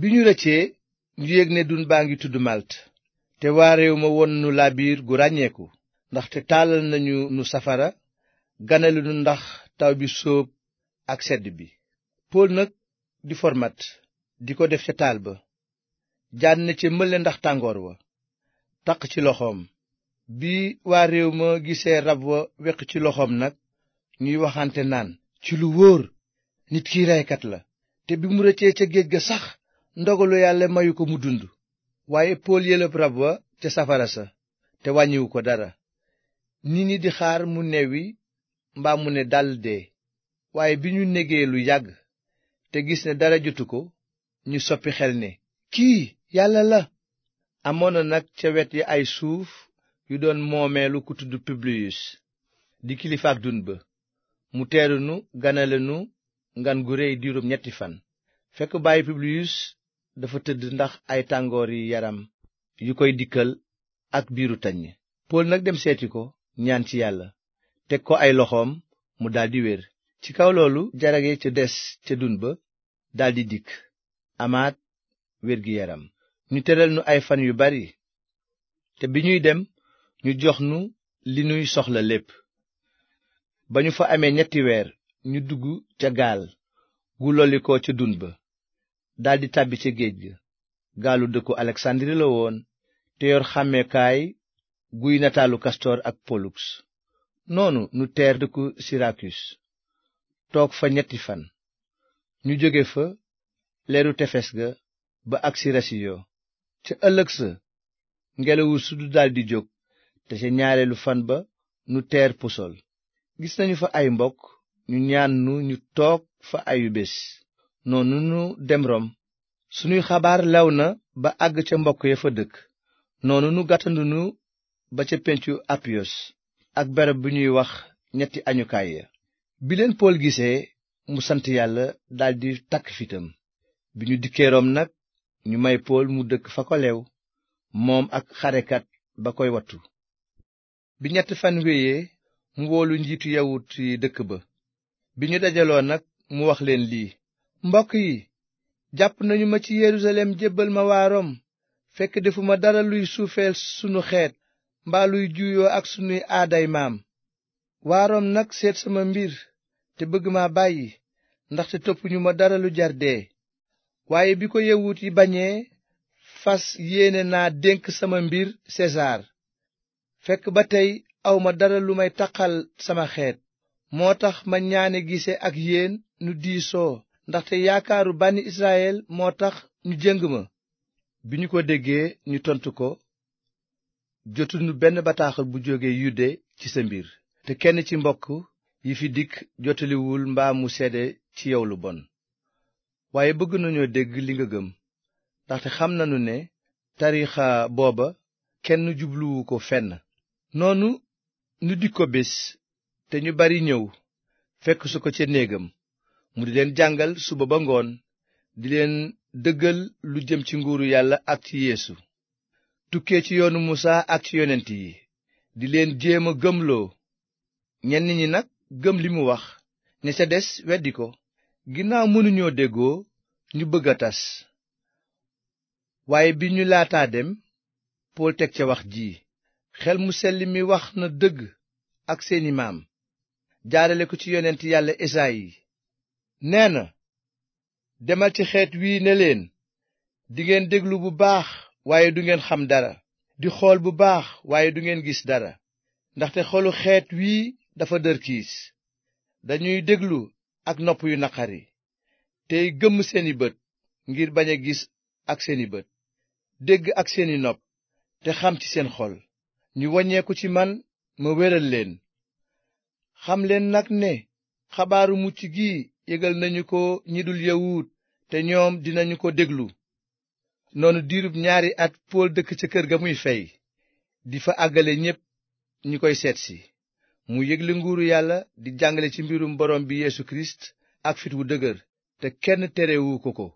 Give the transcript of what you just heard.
bi ñu rëccee ñu yëg ne dun baa ngi tudd Malt te waa réew ma won nu laabiir gu ràññeeku ndaxte taalal nañu nu safara ganale ndax taw bi sóob ak sedd bi Pool nag di format di ko def ca taal ba jaan na ca mële ndax tàngoor wa taq ci loxoom bi waa réew ma gisee rab wa weq ci loxoom nag ñuy waxante naan ci lu wóor nit ki reykat la te bi mu rëccee ca géej ga sax ndogalu yàlla mayu ko mu dund waaye pool yëlëb rab wa ca safara sa te wàññiwu ko dara nit ñi di xaar mu newi mbaa mu ne dal dee waaye bi ñu negee lu yàgg te gis ne dara jotu ko ñu soppi xel ne kii yàlla la amoon na nag ca wet ya ay suuf yu doon moomeelu ku tudd Publius di kilifaak dun ba mu teerunu ganalenu ngan gu réy diirum ñetti fan fekk bàyyi Publius dafa tëdd ndax ay tàngoor tàngoori yaram yu koy dikkal ak biiru tàññ pool nag dem seeti ko ñaan ci yàlla teg ko ay loxoom mu daldi wér ci kaw loolu jarage ca des ca dun ba daldi dikk amaat wér gi yaram ñu tëral nu ay fan yu bari te bi ñuy dem ñu jox nu li nuy soxla lépp ba ñu fa amee ñetti weer ñu dugg ca gaal gu lollikoo ca dun ba daldi tàbbi ci géej ga gaalu dëkku aleksandiri la te yor xàmmekaay guy nataalu kastoor ak poluks noonu nu teer dëkku sirakus toog fa ñetti fan ñu jóge fa leeru tefes ga ba ak rasiyo ca ëllëg sa ngelawu sudu daldi jóg te ca ñaareelu fan ba nu teer pusol gis nañu fa ay mbokk ñu ñaan ñu toog fa ayu bés noonu nu dem rom sunuy xabaar law na ba àgg ca mbokk ya fa dëkk noonu nu gàttandunu ba ca péncu apiyos ak barab bi ñuy wax ñetti añukaay ya bi leen pool gisee mu sant yàlla daldi takk fitam bi ñu dikkee rom nag ñu may pool mu dëkk fa ko lew moom ak xarekat ba koy wattu bi ñett fan wéyee mu woolu njiitu yawut yi dëkk ba bi ñu dajaloo nag mu wax leen lii mbokk yi jàpp nañu ma ci yerusalem jébbal ma waa fekk defuma dara luy suufeel sunu xeet mbaa luy juuyoo ak sunuy aaday maam waa nag seet sama mbir te bëgg ma bàyyi ndaxte toppuñu ma dara lu jarde waaye bi ko yawut yi bañee fas yéene naa dénk sama mbir sesaar fekk ba tey awma dara lu may taqal sama xeet moo tax ma ñaane gise ak yéen nu diisoo ndaxte yaakaaru bànni Israyil moo tax ñu jëng ma bi ñu ko déggee ñu tontu ko jotuñu benn bataaxal bu jóge Yude ci sa mbir te kenn ci mbokk yi fi dikk jotaliwul mbaam mu seede ci yow lu bon waaye bëgg nañoo dégg li nga gëm ndaxte xam nañu ne tariixa booba kenn jubluwu ko fenn noonu ñu dik ko bés te ñu bari ñëw fekk su ko ca néegam mu di leen jàngal suba ba ngoon di leen dëggal lu jëm ci nguuru yàlla ak ci yeesu tukkee ci yoonu musaa ak ci yonent yi di leen jéem a gëmloo ñenn ñi nag gëm li mu wax ña ca des weddi ko ginnaaw mënuñoo déggoo ñu bëgg a tas waaye bi ñu laataa dem pool teg ca wax ji xel mu selli mi wax na dëgg ak seeni maam jaarale ko ci yonent yàlla esaayi nee na demal ci xeet wii ne leen dingeen déglu bu baax waaye du ngeen xam dara di xool bu baax waaye du ngeen gis dara ndaxte xolu xeet wii dafa dër kiis dañuy déglu ak nopp yu naqari tey gëmm seeni bët ngir bañ a gis ak seeni bët dégg ak seeni nopp te xam ci seen xol ñu waññeeku ci man ma wéral leen xam leen nag ne xabaaru mucc gi yëgal nañu ko ñi dul yawut te ñoom dinañu ko déglu noonu diirub ñaari at pool dëkk ca kër ga muy fey di fa àggale ñépp ñi koy seetsi mu yëgle nguuru yàlla di jàngale ci mbirum borom bi yeesu kirist ak fit wu dëgër te kenn terewu ko ko